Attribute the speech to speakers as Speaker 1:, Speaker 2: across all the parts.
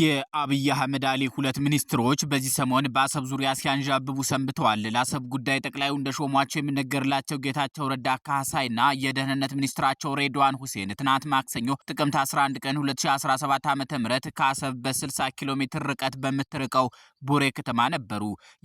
Speaker 1: የአብይ አህመድ አሊ ሁለት ሚኒስትሮች በዚህ ሰሞን በአሰብ ዙሪያ ሲያንዣብቡ ሰንብተዋል። ለአሰብ ጉዳይ ጠቅላዩ እንደሾሟቸው የሚነገርላቸው ጌታቸው ረዳ ካሳይና የደህንነት ሚኒስትራቸው ሬድዋን ሁሴን ትናንት ማክሰኞ ጥቅምት 11 ቀን 2017 ዓ ም ከአሰብ በ60 ኪሎ ሜትር ርቀት በምትርቀው ቡሬ ከተማ ነበሩ።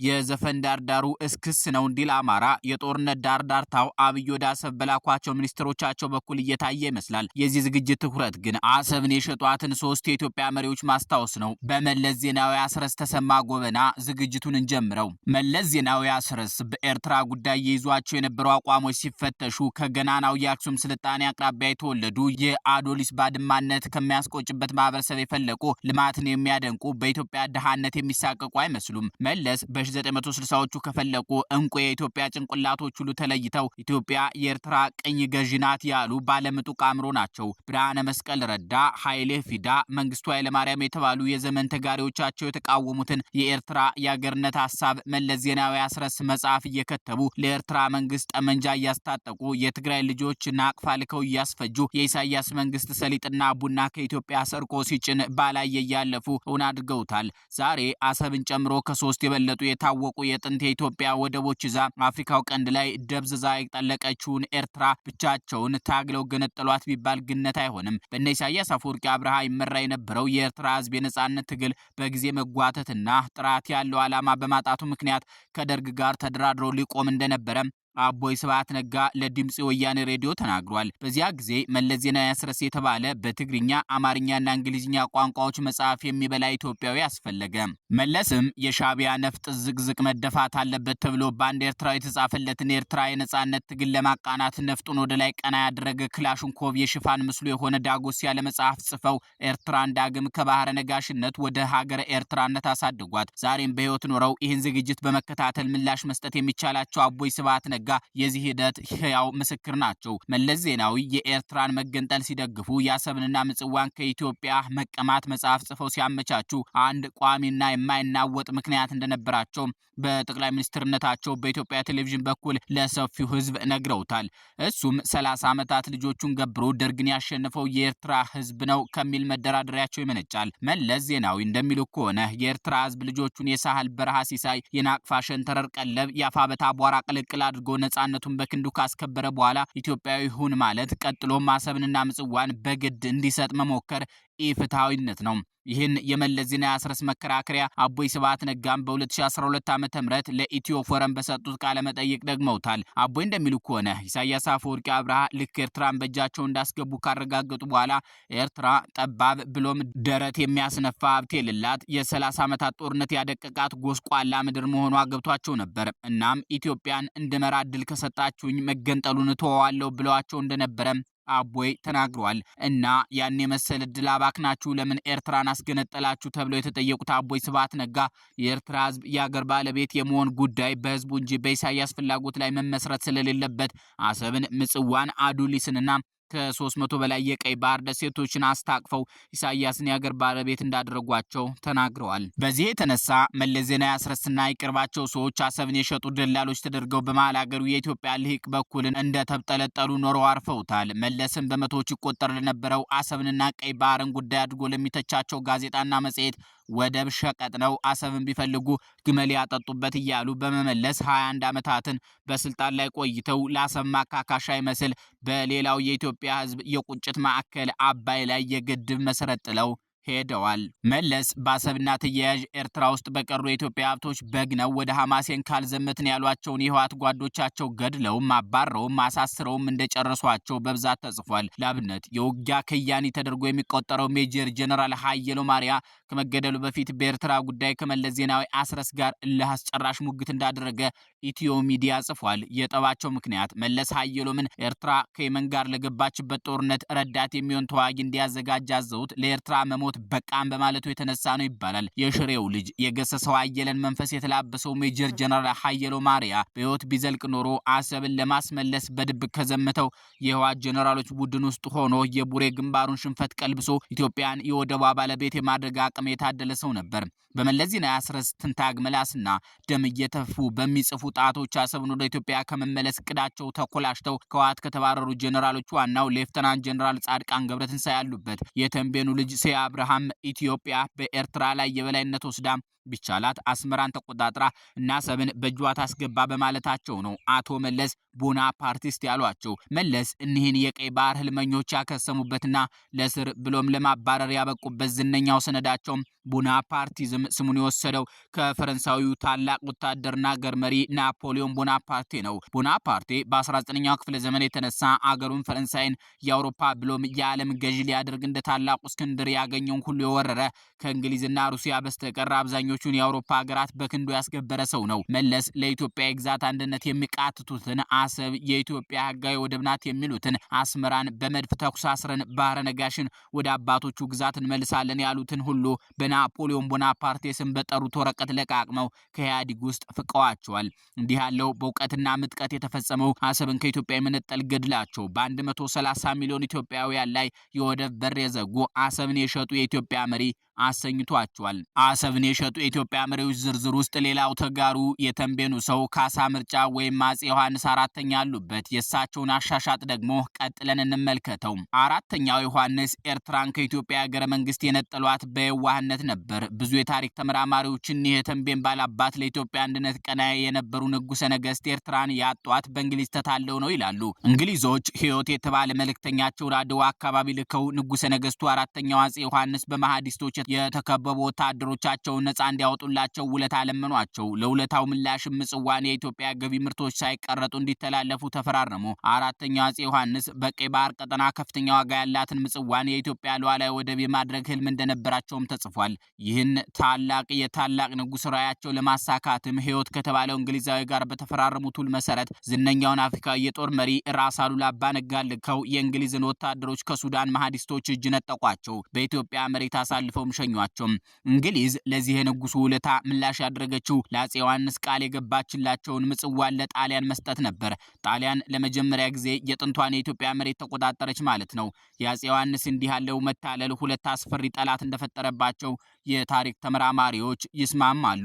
Speaker 1: የዘፈን ዳርዳሩ እስክስ ነው እንዲል አማራ የጦርነት ዳርዳርታው አብይ ወደ አሰብ በላኳቸው ሚኒስትሮቻቸው በኩል እየታየ ይመስላል። የዚህ ዝግጅት ትኩረት ግን አሰብን የሸጧትን ሶስት የኢትዮጵያ መሪዎች ማስታ ማስታወስ ነው። በመለስ ዜናዊ አስረስ ተሰማ ጎበና ዝግጅቱን እንጀምረው። መለስ ዜናዊ አስረስ በኤርትራ ጉዳይ የይዟቸው የነበሩ አቋሞች ሲፈተሹ ከገናናው የአክሱም ስልጣኔ አቅራቢያ የተወለዱ የአዶሊስ ባድማነት ከሚያስቆጭበት ማህበረሰብ የፈለቁ ልማትን የሚያደንቁ በኢትዮጵያ ድሃነት የሚሳቀቁ አይመስሉም። መለስ በ1960ዎቹ ከፈለቁ እንቁ የኢትዮጵያ ጭንቅላቶች ሁሉ ተለይተው ኢትዮጵያ የኤርትራ ቅኝ ገዢ ናት ያሉ ባለምጡቅ አእምሮ ናቸው። ብርሃነ መስቀል ረዳ፣ ኃይሌ ፊዳ፣ መንግስቱ ኃይለማርያም የተባ የተባሉ የዘመን ተጋሪዎቻቸው የተቃወሙትን የኤርትራ የአገርነት ሀሳብ መለስ ዜናዊ አስረስ መጽሐፍ እየከተቡ ለኤርትራ መንግስት ጠመንጃ እያስታጠቁ የትግራይ ልጆች ናቅፋ ልከው እያስፈጁ የኢሳያስ መንግስት ሰሊጥና ቡና ከኢትዮጵያ ሰርቆ ሲጭን ባላየ እያለፉ እውን አድርገውታል። ዛሬ አሰብን ጨምሮ ከሶስት የበለጡ የታወቁ የጥንት የኢትዮጵያ ወደቦች ይዛ አፍሪካው ቀንድ ላይ ደብዝዛ የጠለቀችውን ኤርትራ ብቻቸውን ታግለው ገነጠሏት ቢባል ግነት አይሆንም። በነ ኢሳያስ አፈወርቂ አብርሃ ይመራ የነበረው የኤርትራ ህዝብ የህዝብ የነጻነት ትግል በጊዜ መጓተትና ጥራት ያለው ዓላማ በማጣቱ ምክንያት ከደርግ ጋር ተደራድሮ ሊቆም እንደነበረም አቦይ ስብሐት ነጋ ለድምፅ ወያኔ ሬዲዮ ተናግሯል። በዚያ ጊዜ መለስ ዜናዊ ያስረስ የተባለ በትግርኛ አማርኛና እንግሊዝኛ ቋንቋዎች መጽሐፍ የሚበላ ኢትዮጵያዊ አስፈለገ። መለስም የሻቢያ ነፍጥ ዝቅዝቅ መደፋት አለበት ተብሎ በአንድ ኤርትራዊ የተጻፈለትን ኤርትራ የነጻነት ትግል ለማቃናት ነፍጡን ወደ ላይ ቀና ያደረገ ክላሽንኮቭ የሽፋን ምስሉ የሆነ ዳጎስ ያለ መጽሐፍ ጽፈው ኤርትራን ዳግም ከባህረ ነጋሽነት ወደ ሀገረ ኤርትራነት አሳድጓት ዛሬም በህይወት ኖረው ይህን ዝግጅት በመከታተል ምላሽ መስጠት የሚቻላቸው አቦይ ስብሐት ነጋ ነጋ የዚህ ሂደት ህያው ምስክር ናቸው። መለስ ዜናዊ የኤርትራን መገንጠል ሲደግፉ የአሰብንና ምጽዋን ከኢትዮጵያ መቀማት መጽሐፍ ጽፈው ሲያመቻቹ አንድ ቋሚና የማይናወጥ ምክንያት እንደነበራቸው በጠቅላይ ሚኒስትርነታቸው በኢትዮጵያ ቴሌቪዥን በኩል ለሰፊው ህዝብ ነግረውታል። እሱም ሰላሳ ዓመታት ልጆቹን ገብሮ ደርግን ያሸንፈው የኤርትራ ህዝብ ነው ከሚል መደራደሪያቸው ይመነጫል። መለስ ዜናዊ እንደሚሉ ከሆነ የኤርትራ ህዝብ ልጆቹን የሳህል በረሃ ሲሳይ የናቅፋ ሸንተረር ቀለብ የአፋበታ አቧራ ቅልቅል አድርጎ ነጻነቱን በክንዱ ካስከበረ በኋላ ኢትዮጵያዊ ሁን ማለት ቀጥሎም አሰብንና ምጽዋን በግድ እንዲሰጥ መሞከር ኢፍትሐዊነት ነው። ይህን የመለስ ዜና አስረስ መከራከሪያ አቦይ ስብሐት ነጋም በ2012 ዓ ም ለኢትዮ ፎረም በሰጡት ቃለ መጠይቅ ደግመውታል። አቦይ እንደሚሉ ከሆነ ኢሳያስ አፈወርቂ አብርሃ ልክ ኤርትራን በእጃቸው እንዳስገቡ ካረጋገጡ በኋላ ኤርትራ ጠባብ ብሎም ደረት የሚያስነፋ ሀብት የሌላት የ30 ዓመታት ጦርነት ያደቀቃት ጎስቋላ ምድር መሆኗ ገብቷቸው ነበር። እናም ኢትዮጵያን እንድመራ እድል ከሰጣችሁኝ መገንጠሉን እተወዋለሁ ብለዋቸው እንደነበረ አቦይ ተናግሯል። እና ያን የመሰል እድል አባክናችሁ ለምን ኤርትራን አስገነጠላችሁ ተብለው የተጠየቁት አቦይ ስብሐት ነጋ የኤርትራ ህዝብ የአገር ባለቤት የመሆን ጉዳይ በህዝቡ እንጂ በኢሳያስ ፍላጎት ላይ መመስረት ስለሌለበት አሰብን፣ ምጽዋን፣ አዱሊስንና ከሶስት መቶ በላይ የቀይ ባህር ደሴቶችን አስታቅፈው ኢሳያስን የአገር ባለቤት እንዳደረጓቸው ተናግረዋል። በዚህ የተነሳ መለስ ዜናዊ አስረስና ይቅርባቸው ሰዎች አሰብን የሸጡ ደላሎች ተደርገው በመሀል ሀገሩ የኢትዮጵያ ልሂቅ በኩልን እንደተብጠለጠሉ ኖረው አርፈውታል። መለስን በመቶዎች ይቆጠር ለነበረው አሰብንና ቀይ ባህርን ጉዳይ አድርጎ ለሚተቻቸው ጋዜጣና መጽሔት ወደብ ሸቀጥ ነው፣ አሰብን ቢፈልጉ ግመል ያጠጡበት እያሉ በመመለስ 21 ዓመታትን በስልጣን ላይ ቆይተው ለአሰብ ማካካሻ ይመስል በሌላው የኢትዮጵያ ሕዝብ የቁጭት ማዕከል አባይ ላይ የግድብ መሰረት ጥለው ሄደዋል። መለስ በአሰብና ተያያዥ ኤርትራ ውስጥ በቀሩ የኢትዮጵያ ሀብቶች በግነው ወደ ሐማሴን ካልዘመትን ያሏቸውን የህወሓት ጓዶቻቸው ገድለውም አባረውም አሳስረውም እንደጨረሷቸው በብዛት ተጽፏል። ለአብነት የውጊያ ከያኒ ተደርጎ የሚቆጠረው ሜጀር ጀነራል ሀየሎ ማርያ ከመገደሉ በፊት በኤርትራ ጉዳይ ከመለስ ዜናዊ አስረስ ጋር እልህ አስጨራሽ ሙግት እንዳደረገ ኢትዮ ሚዲያ ጽፏል። የጠባቸው ምክንያት መለስ ሀየሎምን ኤርትራ ከየመን ጋር ለገባችበት ጦርነት ረዳት የሚሆን ተዋጊ እንዲያዘጋጅ አዘውት ለኤርትራ መሞት ሞት በቃም በማለቱ የተነሳ ነው ይባላል። የሽሬው ልጅ የገሰሰው አየለን መንፈስ የተላበሰው ሜጀር ጀነራል ሀየሎ ማሪያ በህይወት ቢዘልቅ ኖሮ አሰብን ለማስመለስ በድብቅ ከዘመተው የህዋት ጀነራሎች ቡድን ውስጥ ሆኖ የቡሬ ግንባሩን ሽንፈት ቀልብሶ ኢትዮጵያን የወደቧ ባለቤት የማድረግ አቅም የታደለ ሰው ነበር። በመለስ ዜናዊ አስረስ ትንታግ ምላስና ደም እየተፉ በሚጽፉ ጣቶች አሰብን ወደ ኢትዮጵያ ከመመለስ ቅዳቸው ተኮላሽተው ከህወሓት ከተባረሩ ጀነራሎች ዋናው ሌፍተናንት ጀነራል ጻድቃን ገብረትንሳኤ ያሉበት የተንቤኑ ልጅ ሴ አብርሃ አብርሃም ኢትዮጵያ በኤርትራ ላይ የበላይነት ወስዳ ቢቻላት አስመራን ተቆጣጥራ እና ሰብን በእጇ ታስገባ በማለታቸው ነው አቶ መለስ ቡናፓርቲስት ያሏቸው መለስ እኒህን የቀይ ባህር ህልመኞች ያከሰሙበትና ለስር ብሎም ለማባረር ያበቁበት ዝነኛው ሰነዳቸውም ቦናፓርቲዝም ስሙን የወሰደው ከፈረንሳዊው ታላቅ ወታደርና ገር መሪ ናፖሊዮን ቦናፓርቴ ነው። ቦናፓርቴ በ19ኛው ክፍለ ዘመን የተነሳ አገሩን ፈረንሳይን የአውሮፓ ብሎም የዓለም ገዢ ሊያደርግ እንደ ታላቁ እስክንድር ያገኘውን ሁሉ የወረረ ከእንግሊዝና ሩሲያ በስተቀር አብዛኞቹን የአውሮፓ ሀገራት በክንዱ ያስገበረ ሰው ነው። መለስ ለኢትዮጵያ የግዛት አንድነት የሚቃትቱትን አሰብ የኢትዮጵያ ህጋዊ ወደብ ናት የሚሉትን አስመራን በመድፍ ተኩስ አስረን ባህረ ነጋሽን ወደ አባቶቹ ግዛት እንመልሳለን ያሉትን ሁሉ በናፖሊዮን ቦናፓርቴ ስም በጠሩት ወረቀት ለቃቅመው ከኢህአዲግ ውስጥ ፍቀዋቸዋል። እንዲህ ያለው በእውቀትና ምጥቀት የተፈጸመው አሰብን ከኢትዮጵያ የመነጠል ገድላቸው በ130 ሚሊዮን ኢትዮጵያውያን ላይ የወደብ በር የዘጉ አሰብን የሸጡ የኢትዮጵያ መሪ አሰኝቷቸዋል። አሰብን የሸጡ የኢትዮጵያ መሪዎች ዝርዝር ውስጥ ሌላው ተጋሩ የተንቤኑ ሰው ካሳ ምርጫ ወይም አጼ ዮሐንስ አራተኛ ያሉበት። የእሳቸውን አሻሻጥ ደግሞ ቀጥለን እንመልከተው። አራተኛው ዮሐንስ ኤርትራን ከኢትዮጵያ ሀገረ መንግስት የነጠሏት በየዋህነት ነበር። ብዙ የታሪክ ተመራማሪዎችን ይህ የተንቤን ባላባት ለኢትዮጵያ አንድነት ቀና የነበሩ ንጉሰ ነገስት ኤርትራን ያጧት በእንግሊዝ ተታለው ነው ይላሉ። እንግሊዞች ህይወት የተባለ መልእክተኛቸውን አድዋ አካባቢ ልከው ንጉሰ ነገስቱ አራተኛው አጼ ዮሐንስ በመሐዲስቶች የተከበቡ ወታደሮቻቸውን ነፃ እንዲያወጡላቸው ውለታ ለመኗቸው። ለውለታው ምላሽ ምጽዋን የኢትዮጵያ ገቢ ምርቶች ሳይቀረጡ እንዲተላለፉ ተፈራረሙ። አራተኛው አፄ ዮሐንስ በቀይ ባህር ቀጠና ከፍተኛ ዋጋ ያላትን ምጽዋን የኢትዮጵያ ሉዓላዊ ወደብ የማድረግ ህልም እንደነበራቸውም ተጽፏል። ይህን ታላቅ የታላቅ ንጉሥ ራዕያቸው ለማሳካትም ህይወት ከተባለው እንግሊዛዊ ጋር በተፈራረሙት ውል መሰረት ዝነኛውን አፍሪካዊ የጦር መሪ ራስ አሉላ ልከው የእንግሊዝን ወታደሮች ከሱዳን መሐዲስቶች እጅ ነጠቋቸው። በኢትዮጵያ መሬት አሳልፈውም ሸኟቸው። እንግሊዝ ለዚህ የንጉሱ ውለታ ምላሽ ያደረገችው ለአፄ ዮሐንስ ቃል የገባችላቸውን ምጽዋን ለጣሊያን መስጠት ነበር። ጣሊያን ለመጀመሪያ ጊዜ የጥንቷን የኢትዮጵያ መሬት ተቆጣጠረች ማለት ነው። የአፄ ዮሐንስ እንዲህ ያለው መታለል ሁለት አስፈሪ ጠላት እንደፈጠረባቸው የታሪክ ተመራማሪዎች ይስማማሉ።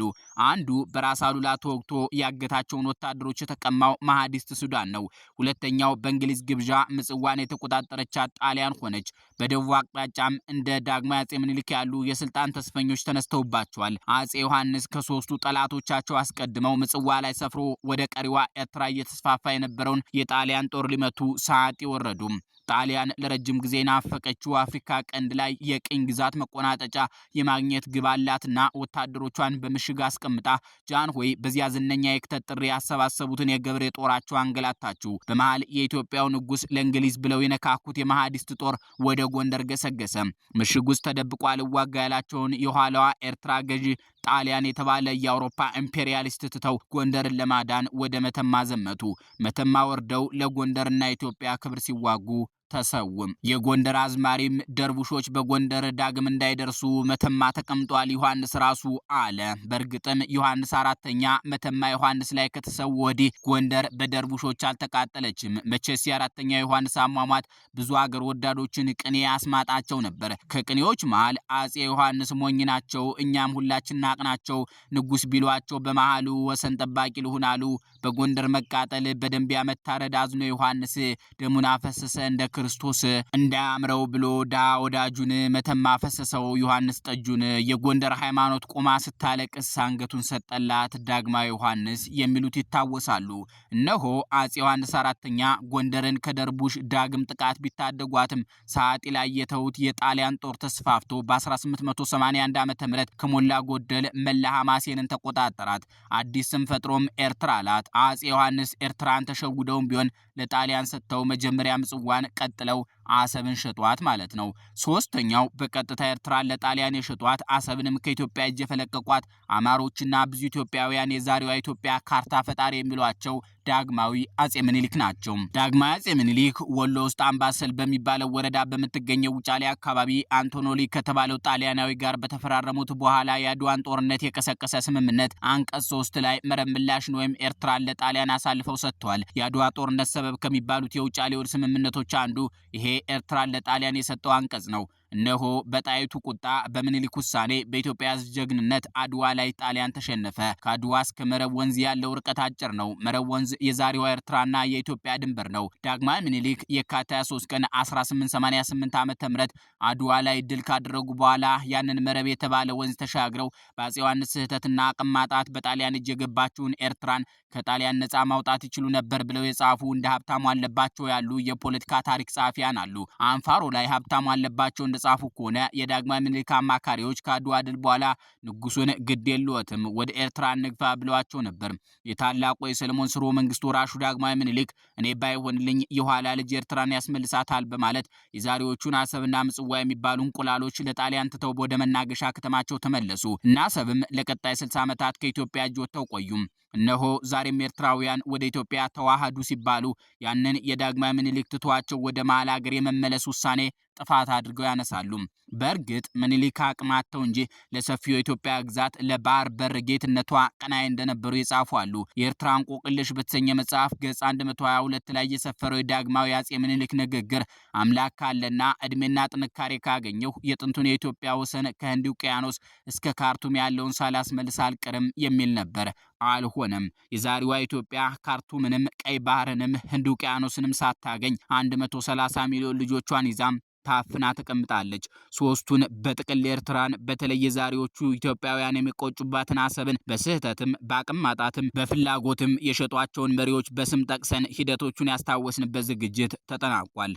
Speaker 1: አንዱ በራስ አሉላ ተወግቶ ያገታቸውን ወታደሮች የተቀማው መሐዲስት ሱዳን ነው። ሁለተኛው በእንግሊዝ ግብዣ ምጽዋን የተቆጣጠረቻት ጣሊያን ሆነች። በደቡብ አቅጣጫም እንደ ዳግማዊ አጼ ምኒልክ ያሉ የስልጣን ተስፈኞች ተነስተውባቸዋል። አጼ ዮሐንስ ከሶስቱ ጠላቶቻቸው አስቀድመው ምጽዋ ላይ ሰፍሮ ወደ ቀሪዋ ኤርትራ እየተስፋፋ የነበረውን የጣሊያን ጦር ሊመቱ ሰዓት ይወረዱ። ጣሊያን ለረጅም ጊዜ ናፈቀችው አፍሪካ ቀንድ ላይ የቅኝ ግዛት መቆናጠጫ የማግኘት ግብ አላትና ወታደሮቿን በምሽግ አስቀምጣ ጃንሆይ በዚያ ዝነኛ የክተት ጥሪ ያሰባሰቡትን የገብሬ ጦራቸው አንገላታችው። በመሃል የኢትዮጵያው ንጉስ ለእንግሊዝ ብለው የነካኩት የመሃዲስት ጦር ወደ ጎንደር ገሰገሰ። ምሽግ ውስጥ ተደብቆ አልዋጋ ያላቸውን የኋላዋ ኤርትራ ገዢ ጣሊያን የተባለ የአውሮፓ ኢምፔሪያሊስት ትተው ጎንደርን ለማዳን ወደ መተማ ዘመቱ። መተማ ወርደው ለጎንደርና ኢትዮጵያ ክብር ሲዋጉ ተሰውም። የጎንደር አዝማሪም ደርቡሾች በጎንደር ዳግም እንዳይደርሱ መተማ ተቀምጧል ዮሐንስ ራሱ አለ። በእርግጥም ዮሐንስ አራተኛ መተማ ዮሐንስ ላይ ከተሰው ወዲህ ጎንደር በደርቡሾች አልተቃጠለችም። መቼስ የአራተኛ ዮሐንስ አሟሟት ብዙ አገር ወዳዶችን ቅኔ ያስማጣቸው ነበር። ከቅኔዎች መሃል አጼ ዮሐንስ ሞኝ ናቸው፣ እኛም ሁላችን ናቅናቸው፣ ንጉስ ቢሏቸው በመሃሉ ወሰን ጠባቂ ልሁን አሉ። በጎንደር መቃጠል በደንቢያ መታረድ አዝኖ ዮሐንስ ደሙን አፈሰሰ እንደ ክርስቶስ እንዳያምረው ብሎ ዳ ወዳጁን መተማ ፈሰሰው ዮሐንስ ጠጁን የጎንደር ሃይማኖት ቆማ ስታለቅስ አንገቱን ሰጠላት ዳግማዊ ዮሐንስ የሚሉት ይታወሳሉ። እነሆ አፄ ዮሐንስ አራተኛ ጎንደርን ከደርቡሽ ዳግም ጥቃት ቢታደጓትም ሰዓጢ ላይ የተውት የጣሊያን ጦር ተስፋፍቶ በ1881 ዓ ም ከሞላ ጎደል መላ ሐማሴንን ተቆጣጠራት። አዲስ ስም ፈጥሮም ኤርትራ አላት። አፄ ዮሐንስ ኤርትራን ተሸውደውም ቢሆን ለጣሊያን ሰጥተው መጀመሪያ ምጽዋን حتى لو አሰብን ሽጧት ማለት ነው። ሶስተኛው በቀጥታ ኤርትራን ለጣሊያን የሽጧት አሰብንም ከኢትዮጵያ እጅ የፈለቀቋት አማሮችና ብዙ ኢትዮጵያውያን የዛሬዋ ኢትዮጵያ ካርታ ፈጣሪ የሚሏቸው ዳግማዊ አጼ ምኒልክ ናቸው። ዳግማዊ አጼ ምኒልክ ወሎ ውስጥ አምባሰል በሚባለው ወረዳ በምትገኘው ውጫሌ አካባቢ አንቶኖሊ ከተባለው ጣሊያናዊ ጋር በተፈራረሙት በኋላ የአድዋን ጦርነት የቀሰቀሰ ስምምነት አንቀጽ ሶስት ላይ መረብ ምላሽን ወይም ኤርትራን ለጣሊያን አሳልፈው ሰጥተዋል። የአድዋ ጦርነት ሰበብ ከሚባሉት የውጫሌ ውል ስምምነቶች አንዱ ይሄ ኤርትራን ለጣሊያን የሰጠው አንቀጽ ነው። እነሆ በጣይቱ ቁጣ በምኒልክ ውሳኔ በኢትዮጵያ ህዝብ ጀግንነት አድዋ ላይ ጣሊያን ተሸነፈ። ከአድዋ እስከ መረብ ወንዝ ያለው ርቀት አጭር ነው። መረብ ወንዝ የዛሬዋ ኤርትራና የኢትዮጵያ ድንበር ነው። ዳግማዊ ምኒልክ የካቲት 23 ቀን 1888 ም አድዋ ላይ ድል ካደረጉ በኋላ ያንን መረብ የተባለ ወንዝ ተሻግረው በአፄ ዮሐንስ ስህተትና አቅም ማጣት በጣሊያን እጅ የገባችውን ኤርትራን ከጣሊያን ነፃ ማውጣት ይችሉ ነበር ብለው የጻፉ እንደ ሀብታሙ አለባቸው ያሉ የፖለቲካ ታሪክ ጸሐፊያን አሉ። አንፋሮ ላይ ሀብታሙ አለባቸው እንደ እንደጻፉ ከሆነ የዳግማዊ ምኒልክ አማካሪዎች ከአድዋ ድል በኋላ ንጉሱን ግድ የለዎትም ወደ ኤርትራ እንግፋ ብለዋቸው ነበር። የታላቁ የሰለሞን ስርወ መንግስት ወራሹ ዳግማዊ ምኒልክ እኔ ባይሆንልኝ የኋላ ልጅ ኤርትራን ያስመልሳታል በማለት የዛሬዎቹን አሰብና ምጽዋ የሚባሉ እንቁላሎች ለጣሊያን ትተው ወደ መናገሻ ከተማቸው ተመለሱ እና አሰብም ለቀጣይ 60 ዓመታት ከኢትዮጵያ እጅ ወጥተው ቆዩም። እነሆ ዛሬም ኤርትራውያን ወደ ኢትዮጵያ ተዋሃዱ ሲባሉ ያንን የዳግማዊ ምኒልክ ትቷቸው ወደ መሀል ሀገር የመመለስ ውሳኔ ጥፋት አድርገው ያነሳሉ። በእርግጥ ምኒልክ አቅማተው እንጂ ለሰፊው የኢትዮጵያ ግዛት ለባህር በር ጌትነቷ ቀናይ እንደነበሩ የጻፉ አሉ። የኤርትራ እንቆቅልሽ በተሰኘ መጽሐፍ ገጽ 122 ላይ የሰፈረው የዳግማዊ አጼ ምኒልክ ንግግር አምላክ ካለና እድሜና ጥንካሬ ካገኘሁ የጥንቱን የኢትዮጵያ ወሰን ከህንድ ውቅያኖስ እስከ ካርቱም ያለውን ሳላስመልስ አልቀርም የሚል ነበር አልሁ ሆነም። የዛሬዋ ኢትዮጵያ ካርቱምንም ቀይ ባህርንም ህንድ ውቅያኖስንም ሳታገኝ 130 ሚሊዮን ልጆቿን ይዛም ታፍና ተቀምጣለች። ሶስቱን በጥቅል ኤርትራን በተለይ የዛሬዎቹ ኢትዮጵያውያን የሚቆጩባትን አሰብን በስህተትም በአቅም ማጣትም በፍላጎትም የሸጧቸውን መሪዎች በስም ጠቅሰን ሂደቶቹን ያስታወስንበት ዝግጅት ተጠናቋል።